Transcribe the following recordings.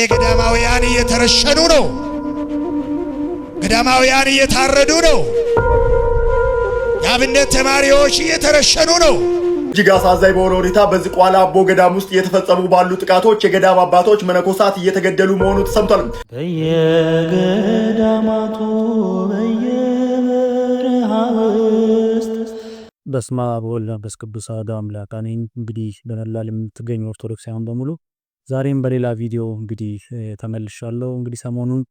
ዛሬ ገዳማውያን እየተረሸኑ ነው። ገዳማውያን እየታረዱ ነው። የአብነት ተማሪዎች እየተረሸኑ ነው። እጅግ አሳዛኝ በሆነ ሁኔታ በዚህ ቋላ አቦ ገዳም ውስጥ እየተፈጸሙ ባሉ ጥቃቶች የገዳም አባቶች መነኮሳት እየተገደሉ መሆኑ ተሰምቷል። በየገዳማቱ በየበረሃ ውስጥ በስመ አብ ወወልድ ወመንፈስ ቅዱስ አሐዱ አምላክ አሜን። እንግዲህ በመላል የምትገኙ ኦርቶዶክሳውያን በሙሉ ዛሬም በሌላ ቪዲዮ እንግዲህ ተመልሻለሁ። እንግዲህ ሰሞኑን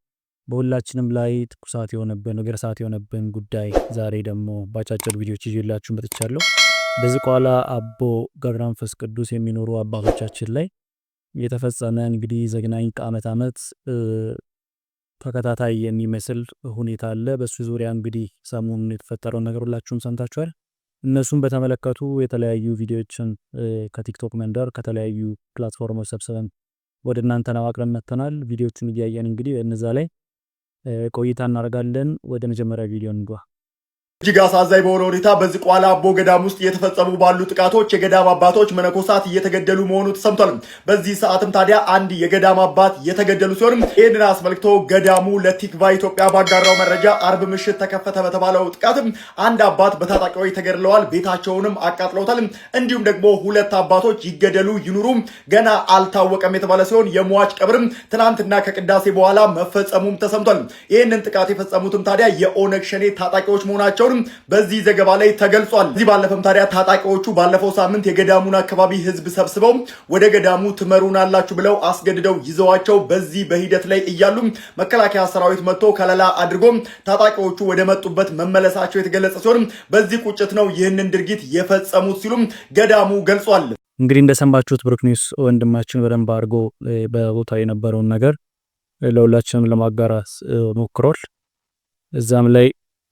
በሁላችንም ላይ ትኩሳት የሆነብን ነገር ሰዓት የሆነብን ጉዳይ ዛሬ ደግሞ ባጫጭር ቪዲዮች ይዤላችሁ መጥቻለሁ። በዝቋላ አቦ ገብረ መንፈስ ቅዱስ የሚኖሩ አባቶቻችን ላይ የተፈጸመ እንግዲህ ዘግናኝ ከአመት አመት ተከታታይ የሚመስል ሁኔታ አለ። በሱ ዙሪያ እንግዲህ ሰሞኑን የተፈጠረውን ነገር ሁላችሁም ሰምታችኋል። እነሱን በተመለከቱ የተለያዩ ቪዲዮዎችን ከቲክቶክ መንደር ከተለያዩ ፕላትፎርሞች ሰብስበን ወደ እናንተ ለማቅረብ መጥተናል። ቪዲዮዎቹን እያየን እንግዲህ እነዛ ላይ ቆይታ እናደርጋለን። ወደ መጀመሪያ ቪዲዮ እንግባ። እጅግ አሳዛኝ በሆነ ሁኔታ በዚህ ቋላ አቦ ገዳም ውስጥ እየተፈጸሙ ባሉ ጥቃቶች የገዳም አባቶች መነኮሳት እየተገደሉ መሆኑ ተሰምቷል። በዚህ ሰዓትም ታዲያ አንድ የገዳም አባት የተገደሉ ሲሆን ይህንን አስመልክቶ ገዳሙ ለቲክቫ ኢትዮጵያ ባጋራው መረጃ አርብ ምሽት ተከፈተ በተባለው ጥቃትም አንድ አባት በታጣቂዎች ተገድለዋል፣ ቤታቸውንም አቃጥለውታል። እንዲሁም ደግሞ ሁለት አባቶች ይገደሉ ይኑሩ ገና አልታወቀም የተባለ ሲሆን የሟች ቀብርም ትናንትና ከቅዳሴ በኋላ መፈጸሙም ተሰምቷል። ይህንን ጥቃት የፈጸሙትም ታዲያ የኦነግ ሸኔ ታጣቂዎች መሆናቸው መኖርም በዚህ ዘገባ ላይ ተገልጿል። እዚህ ባለፈም ታዲያ ታጣቂዎቹ ባለፈው ሳምንት የገዳሙን አካባቢ ህዝብ ሰብስበው ወደ ገዳሙ ትመሩናላችሁ ብለው አስገድደው ይዘዋቸው በዚህ በሂደት ላይ እያሉ መከላከያ ሰራዊት መጥቶ ከለላ አድርጎ ታጣቂዎቹ ወደ መጡበት መመለሳቸው የተገለጸ ሲሆን በዚህ ቁጭት ነው ይህንን ድርጊት የፈጸሙት ሲሉም ገዳሙ ገልጿል። እንግዲህ እንደሰማችሁት ብሩክ ኒውስ ወንድማችን በደንብ አድርጎ በቦታ የነበረውን ነገር ለሁላችንም ለማጋራት ሞክሯል። እዛም ላይ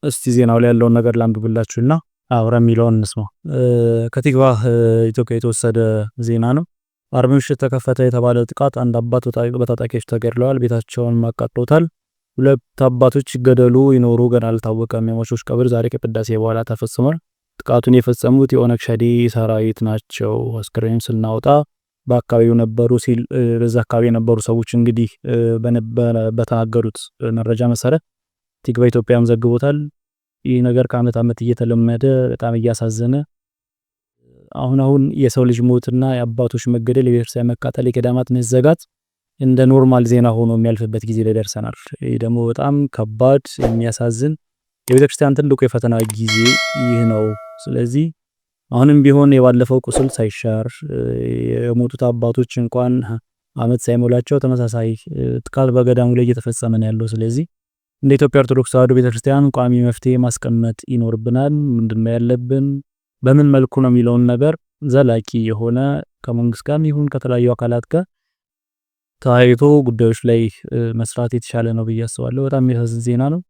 እስቲ ዜናው ላይ ያለውን ነገር ላንብብላችሁና አብረ የሚለውን እንስማ። ከቲክቫህ ኢትዮጵያ የተወሰደ ዜና ነው። አርብ ምሽት ተከፈተ የተባለ ጥቃት አንድ አባት በታጣቂዎች ተገድለዋል፣ ቤታቸውን አቃጥሎታል። ሁለት አባቶች ይገደሉ ይኖሩ ገና አልታወቀም። የሟቾች ቀብር ዛሬ ከቅዳሴ በኋላ ተፈጽሟል። ጥቃቱን የፈጸሙት የኦነግ ሸኔ ሰራዊት ናቸው፣ አስክሬን ስናወጣ በአካባቢው ነበሩ ሲል በዛ አካባቢ የነበሩ ሰዎች እንግዲህ በተናገሩት መረጃ መሰረት ቲክቫህ ኢትዮጵያም ዘግቦታል። ይህ ነገር ከአመት አመት እየተለመደ በጣም እያሳዘነ አሁን አሁን የሰው ልጅ ሞትና የአባቶች መገደል፣ የቤተክርስቲያን መቃጠል፣ የገዳማት መዘጋት እንደ ኖርማል ዜና ሆኖ የሚያልፍበት ጊዜ ላይ ደርሰናል። ይህ ደግሞ በጣም ከባድ የሚያሳዝን የቤተክርስቲያን ትልቁ የፈተና ጊዜ ይህ ነው። ስለዚህ አሁንም ቢሆን የባለፈው ቁስል ሳይሻር የሞቱት አባቶች እንኳን አመት ሳይሞላቸው ተመሳሳይ ጥቃት በገዳሙ ላይ እየተፈጸመ ነው ያለው። ስለዚህ እንደ ኢትዮጵያ ኦርቶዶክስ ተዋሕዶ ቤተክርስቲያን ቋሚ መፍትሄ ማስቀመጥ ይኖርብናል። ምንድነው ያለብን፣ በምን መልኩ ነው የሚለውን ነገር ዘላቂ የሆነ ከመንግስት ጋር ይሁን ከተለያዩ አካላት ጋር ተወያይቶ ጉዳዮች ላይ መስራት የተሻለ ነው ብዬ አስባለሁ። በጣም የሚያሳዝን ዜና ነው።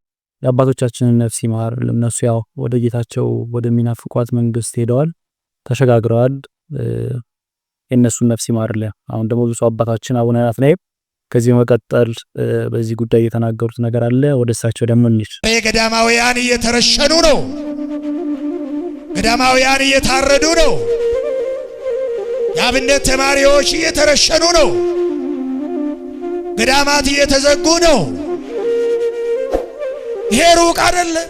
የአባቶቻችንን ነፍስ ይማር። ለነሱ ያው ወደ ጌታቸው ወደሚናፍቋት መንግስት ሄደዋል፣ ተሸጋግረዋል። የእነሱን ነፍስ ይማር። አሁን ደግሞ ብፁዕ አባታችን አቡነ ናትናኤል ከዚህ መቀጠል በዚህ ጉዳይ የተናገሩት ነገር አለ። ወደ እሳቸው ደግሞ እንሂድ። ገዳማውያን እየተረሸኑ ነው። ገዳማውያን እየታረዱ ነው። የአብነት ተማሪዎች እየተረሸኑ ነው። ገዳማት እየተዘጉ ነው። ይሄ ሩቅ አይደለም።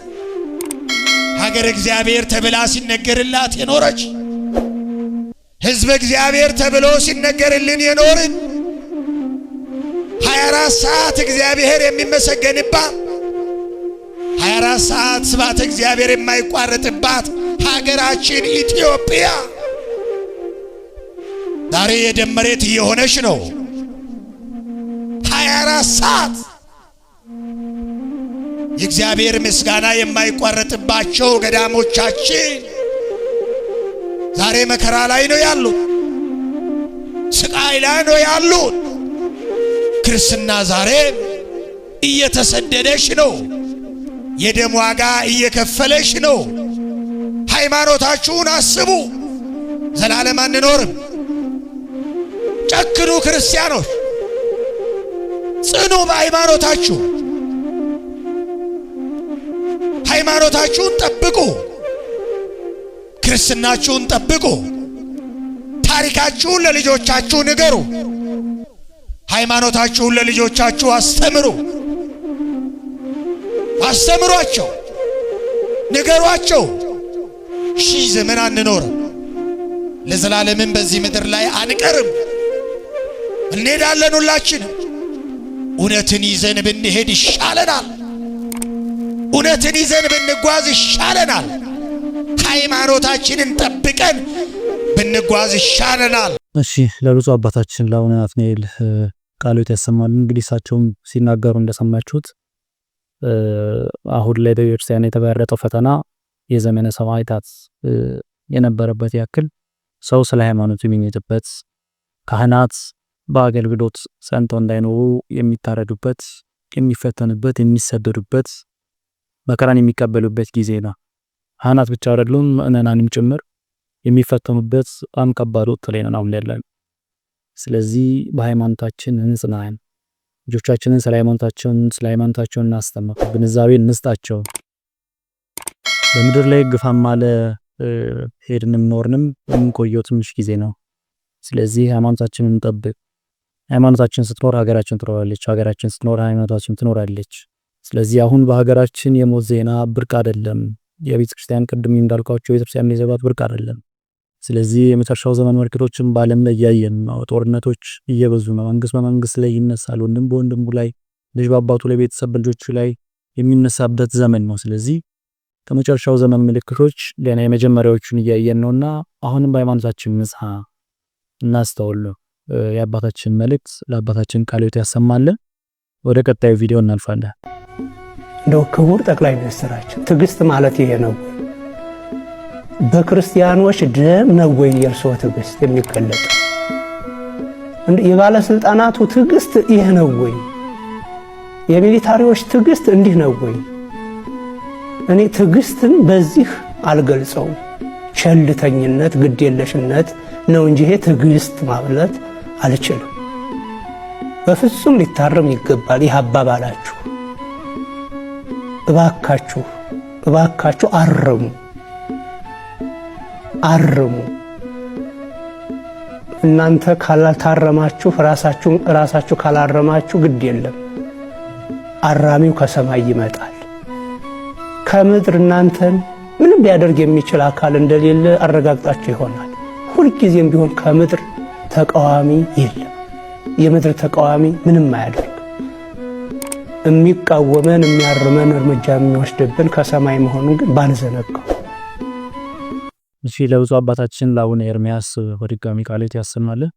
ሀገር እግዚአብሔር ተብላ ሲነገርላት የኖረች ህዝብ እግዚአብሔር ተብሎ ሲነገርልን የኖርን 24 ሰዓት እግዚአብሔር የሚመሰገንባት 24 ሰዓት ስብሐተ እግዚአብሔር የማይቋረጥባት ሀገራችን ኢትዮጵያ ዛሬ የደም መሬት እየሆነች ነው። 24 ሰዓት የእግዚአብሔር ምስጋና የማይቋረጥባቸው ገዳሞቻችን ዛሬ መከራ ላይ ነው ያሉት፣ ስቃይ ላይ ነው ያሉት። ክርስትና ዛሬ እየተሰደደሽ ነው። የደም ዋጋ እየከፈለሽ ነው። ሃይማኖታችሁን አስቡ። ዘላለም አንኖርም። ጨክኑ ክርስቲያኖች፣ ጽኑ በሃይማኖታችሁ። ሃይማኖታችሁን ጠብቁ፣ ክርስትናችሁን ጠብቁ። ታሪካችሁን ለልጆቻችሁ ንገሩ። ሃይማኖታችሁን ለልጆቻችሁ አስተምሩ፣ አስተምሯቸው፣ ንገሯቸው። ሺህ ዘመን አንኖርም፣ ለዘላለምም በዚህ ምድር ላይ አንቀርም፣ እንሄዳለን። ሁላችንም እውነትን ይዘን ብንሄድ ይሻለናል። እውነትን ይዘን ብንጓዝ ይሻለናል። ሃይማኖታችንን ጠብቀን ብንጓዝ ይሻለናል። እሺ ለብፁዕ አባታችን ለአቡነ ናትናኤል ቃሎት ያሰማሉ። እንግዲህ እሳቸውም ሲናገሩ እንደሰማችሁት አሁን ላይ በቤተክርስቲያን የተጋረጠው ፈተና የዘመነ ሰማዕታት የነበረበት ያክል ሰው ስለ ሃይማኖቱ የሚኝትበት ካህናት በአገልግሎት ጸንተው እንዳይኖሩ የሚታረዱበት፣ የሚፈተኑበት፣ የሚሰደዱበት፣ መከራን የሚቀበሉበት ጊዜ ነው። ካህናት ብቻ አይደሉም ምእመናንም ጭምር የሚፈተኑበት በጣም ከባድ ወቅት ላይ አሁን ያለን። ስለዚህ በሃይማኖታችን እንጽናን። ልጆቻችንን ስለ ሃይማኖታቸውን ስለ ሃይማኖታቸውን እናስተምር፣ ግንዛቤ እንስጣቸው። በምድር ላይ ግፋም አለ ሄድንም ኖርንም የምንቆየው ትንሽ ጊዜ ነው። ስለዚህ ሃይማኖታችንን እንጠብቅ። ሃይማኖታችን ስትኖር ሀገራችን ትኖራለች፣ ሀገራችን ስትኖር ሃይማኖታችን ትኖራለች። ስለዚህ አሁን በሀገራችን የሞት ዜና ብርቅ አይደለም። የቤተክርስቲያን ቅድም እንዳልኳቸው የቤተክርስቲያን ዜባት ብርቅ አይደለም። ስለዚህ የመጨረሻው ዘመን ምልክቶችን በዓለም ላይ እያየን ነው። ጦርነቶች እየበዙ ነው። መንግስት በመንግስት ላይ ይነሳል፣ ወንድም በወንድሙ ላይ፣ ልጅ በአባቱ ላይ፣ ቤተሰብ በልጆቹ ላይ የሚነሳበት ዘመን ነው። ስለዚህ ከመጨረሻው ዘመን ምልክቶች ሌና የመጀመሪያዎቹን እያየን ነውና አሁንም በሃይማኖታችን ንጽሐ እናስተውል። የአባታችን መልእክት ለአባታችን ቃልዮት ያሰማልን። ወደ ቀጣዩ ቪዲዮ እናልፋለን። እንደው ክቡር ጠቅላይ ሚኒስትራችን ትዕግስት ማለት ይሄ ነው። በክርስቲያኖች ደም ነው ወይ የእርስዎ ትዕግስት የሚገለጠው? የባለሥልጣናቱ ትዕግስት ይህ ነው ወይ? የሚሊታሪዎች ትዕግስት እንዲህ ነው ወይ? እኔ ትዕግስትን በዚህ አልገልጸውም። ቸልተኝነት፣ ግዴለሽነት ነው እንጂ ይሄ ትዕግስት ማለት አልችልም። በፍጹም ሊታረም ይገባል ይህ አባባላችሁ። እባካችሁ እባካችሁ አረሙ። አርሙ። እናንተ ካላታረማችሁ ራሳችሁ ራሳችሁ ካላረማችሁ ግድ የለም አራሚው ከሰማይ ይመጣል። ከምድር እናንተን ምንም ሊያደርግ የሚችል አካል እንደሌለ አረጋግጣችሁ ይሆናል። ሁልጊዜም ቢሆን ከምድር ተቃዋሚ የለም። የምድር ተቃዋሚ ምንም አያደርግ። የሚቃወመን የሚያርመን እርምጃ የሚወስድብን ከሰማይ መሆኑን ግን ባልዘነጋው እሺ ለብፁዕ አባታችን ለአቡነ ኤርሚያስ በድጋሚ ቃሌት ያሰማልን።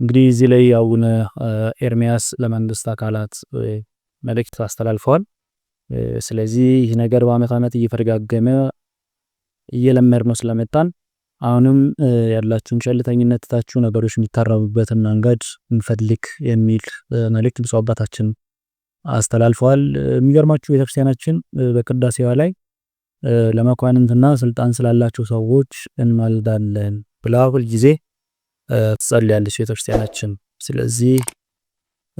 እንግዲህ እዚህ ላይ አቡነ ኤርሚያስ ለመንግስት አካላት መልእክት አስተላልፈዋል። ስለዚህ ይህ ነገር በአመት ዓመት እየፈረጋገመ እየለመድ ነው ስለመጣን አሁንም ያላችሁን ቸልተኝነት ታችሁ ነገሮች የሚታረሙበትን መንገድ እንፈልግ የሚል መልእክት ብፁዕ አባታችን አስተላልፈዋል። የሚገርማችሁ ቤተክርስቲያናችን በቅዳሴዋ ላይ ለመኳንንትና ስልጣን ስላላቸው ሰዎች እንማልዳለን ብላ ሁልጊዜ ትጸልያለች ቤተክርስቲያናችን። ስለዚህ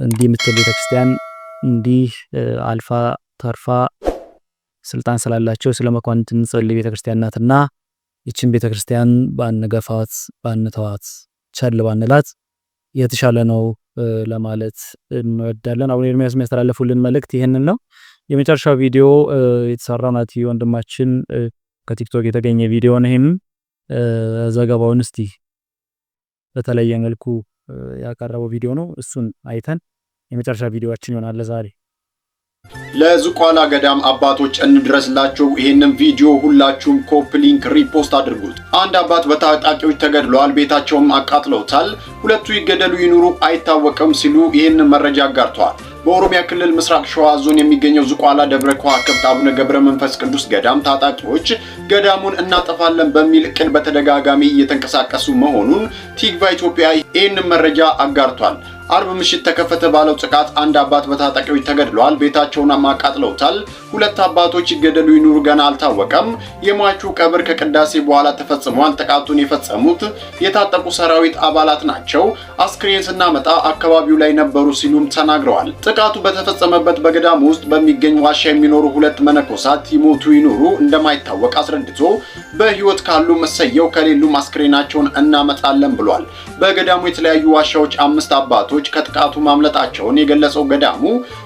እንዲህ የምትል ቤተክርስቲያን እንዲህ አልፋ ተርፋ ስልጣን ስላላቸው ስለ መኳንንት የምትጸልይ ቤተክርስቲያን ናትና ይችን ቤተክርስቲያን ባንገፋት፣ ባንተዋት፣ ቸል ባንላት የተሻለ ነው ለማለት እንወዳለን። አሁን ኤርምያስ የሚያስተላለፉልን መልእክት ይህንን ነው። የመጨረሻ ቪዲዮ የተሰራ ናቲ ወንድማችን ከቲክቶክ የተገኘ ቪዲዮ ነው። ይህም ዘገባውን እስቲ በተለየ መልኩ ያቀረበው ቪዲዮ ነው። እሱን አይተን የመጨረሻ ቪዲዮችን ይሆናል ለዛሬ። ለዝቋላ ገዳም አባቶች እንድረስላቸው። ይህንን ቪዲዮ ሁላችሁም ኮፕ ሊንክ ሪፖስት አድርጉት። አንድ አባት በታጣቂዎች ተገድለዋል፣ ቤታቸውም አቃጥለውታል። ሁለቱ ይገደሉ ይኑሩ አይታወቅም ሲሉ ይህንን መረጃ አጋርተዋል። በኦሮሚያ ክልል ምስራቅ ሸዋ ዞን የሚገኘው ዝቋላ ደብረ ከዋክብት አቡነ ገብረ መንፈስ ቅዱስ ገዳም ታጣቂዎች ገዳሙን እናጠፋለን በሚል እቅድ በተደጋጋሚ እየተንቀሳቀሱ መሆኑን ቲግቫ ኢትዮጵያ ይህንን መረጃ አጋርቷል። አርብ ምሽት ተከፈተ ባለው ጥቃት አንድ አባት በታጣቂዎች ተገድለዋል። ቤታቸውን አቃጥለውታል። ሁለት አባቶች ይገደሉ ይኑሩ ገና አልታወቀም። የሟቹ ቀብር ከቅዳሴ በኋላ ተፈጽሟል። ጥቃቱን የፈጸሙት የታጠቁ ሰራዊት አባላት ናቸው። አስክሬን ስናመጣ አካባቢው ላይ ነበሩ ሲሉም ተናግረዋል። ጥቃቱ በተፈጸመበት በገዳም ውስጥ በሚገኝ ዋሻ የሚኖሩ ሁለት መነኮሳት ይሞቱ ይኑሩ እንደማይታወቅ አስረድቶ በሕይወት ካሉ መሰየው ከሌሉም አስክሬናቸውን እናመጣለን ብሏል። በገዳሙ የተለያዩ ዋሻዎች አምስት አባቶች ታጣቂዎች ከጥቃቱ ማምለጣቸውን የገለጸው ገዳሙ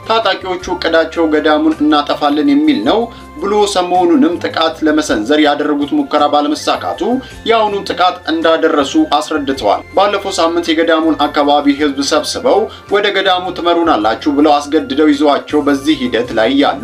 ታጣቂዎቹ እቅዳቸው ገዳሙን እናጠፋለን የሚል ነው። ብሎ ሰሞኑንም ጥቃት ለመሰንዘር ያደረጉት ሙከራ ባለመሳካቱ የአሁኑን ጥቃት እንዳደረሱ አስረድተዋል። ባለፈው ሳምንት የገዳሙን አካባቢ ህዝብ ሰብስበው ወደ ገዳሙ ትመሩናላችሁ ብለው አስገድደው ይዘዋቸው በዚህ ሂደት ላይ ያሉ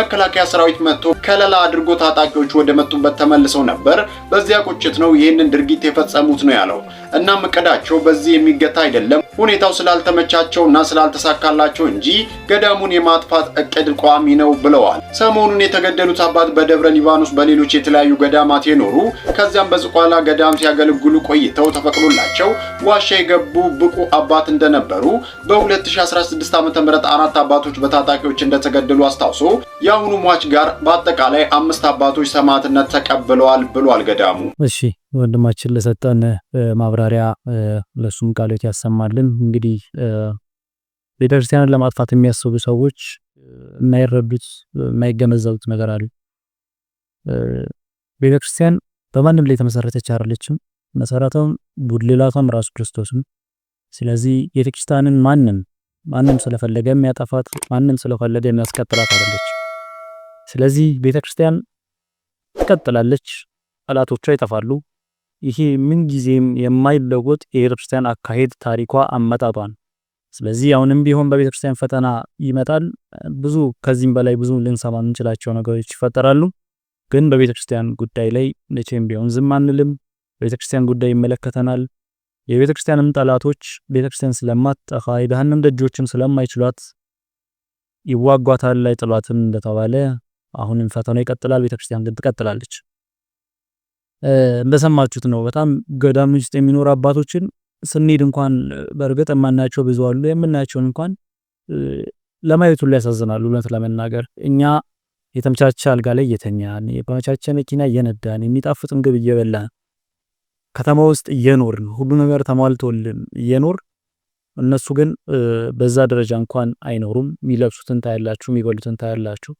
መከላከያ ሰራዊት መጥቶ ከለላ አድርጎ ታጣቂዎች ወደ መጡበት ተመልሰው ነበር። በዚያ ቁጭት ነው ይህንን ድርጊት የፈጸሙት ነው ያለው። እናም እቅዳቸው በዚህ የሚገታ አይደለም ሁኔታው ስላልተመቻቸውና ስላልተሳካላቸው እንጂ ገዳሙን የማጥፋት እቅድ ቋሚ ነው ብለዋል። ሰሞኑን የተገ የተገደሉት አባት በደብረ ሊባኖስ በሌሎች የተለያዩ ገዳማት የኖሩ ከዚያም በዝቋላ ገዳም ሲያገለግሉ ቆይተው ተፈቅዶላቸው ዋሻ የገቡ ብቁ አባት እንደነበሩ በ2016 ዓ ም አራት አባቶች በታጣቂዎች እንደተገደሉ አስታውሶ የአሁኑ ሟች ጋር በአጠቃላይ አምስት አባቶች ሰማዕትነት ተቀብለዋል ብሏል ገዳሙ። እሺ ወንድማችን ለሰጠን ማብራሪያ ለሱም ቃሎት ያሰማልን። እንግዲህ ቤተክርስቲያንን ለማጥፋት የሚያስቡ ሰዎች የማይረዱት የማይገመዘቡት ነገር አለ። ቤተክርስቲያን በማንም ላይ የተመሰረተች አይደለችም። መሰረቷም ጉልላቷም ራሱ ክርስቶስ ነው። ስለዚህ ቤተክርስቲያንን ማንም ማንም ስለፈለገ የሚያጠፋት ማንም ስለፈለገ የሚያስቀጥላት አይደለች። ስለዚህ ቤተክርስቲያን ትቀጥላለች፣ ጠላቶቿ ይጠፋሉ። ይሄ ምንጊዜም የማይለወጥ የቤተክርስቲያን አካሄድ ታሪኳ አመጣጧ ነው። ስለዚህ አሁንም ቢሆን በቤተክርስቲያን ፈተና ይመጣል። ብዙ ከዚህም በላይ ብዙ ልንሰማ የምንችላቸው ነገሮች ይፈጠራሉ። ግን በቤተክርስቲያን ጉዳይ ላይ መቼም ቢሆን ዝም አንልም። በቤተክርስቲያን ጉዳይ ይመለከተናል። የቤተክርስቲያንም ጠላቶች ቤተክርስቲያን ስለማትጠፋ የገሃነም ደጆችም ስለማይችሏት ይዋጓታል ላይ ጥሏትም እንደተባለ አሁንም ፈተና ይቀጥላል። ቤተክርስቲያን ግን ትቀጥላለች። እንደሰማችሁት ነው። በጣም ገዳም ውስጥ የሚኖሩ አባቶችን ስንሄድ እንኳን በእርግጥ የማናቸው ብዙ አሉ። የምናያቸውን እንኳን ለማየት ያሳዝናሉ። እውነት ለመናገር እኛ የተመቻቸ አልጋ ላይ እየተኛን የተመቻቸ መኪና እየነዳን የሚጣፍጥ ምግብ እየበላን ከተማ ውስጥ እየኖርን ሁሉ ነገር ተሟልቶልን እየኖር እነሱ ግን በዛ ደረጃ እንኳን አይኖሩም። የሚለብሱትን ታያላችሁ፣ የሚበሉትን ታያላችሁ።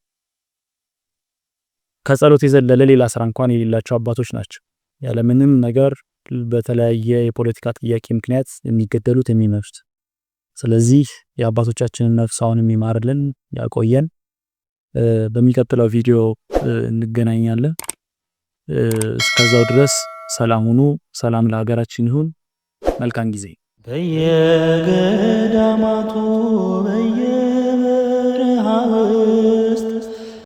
ከጸሎት የዘለለ ሌላ ስራ እንኳን የሌላቸው አባቶች ናቸው ያለምንም ነገር በተለያየ የፖለቲካ ጥያቄ ምክንያት የሚገደሉት የሚመሩት። ስለዚህ የአባቶቻችንን ነፍስ አሁን የሚማርልን ያቆየን። በሚቀጥለው ቪዲዮ እንገናኛለን። እስከዛው ድረስ ሰላም ሁኑ። ሰላም ለሀገራችን ይሁን። መልካም ጊዜ። በየገዳማቱ በየ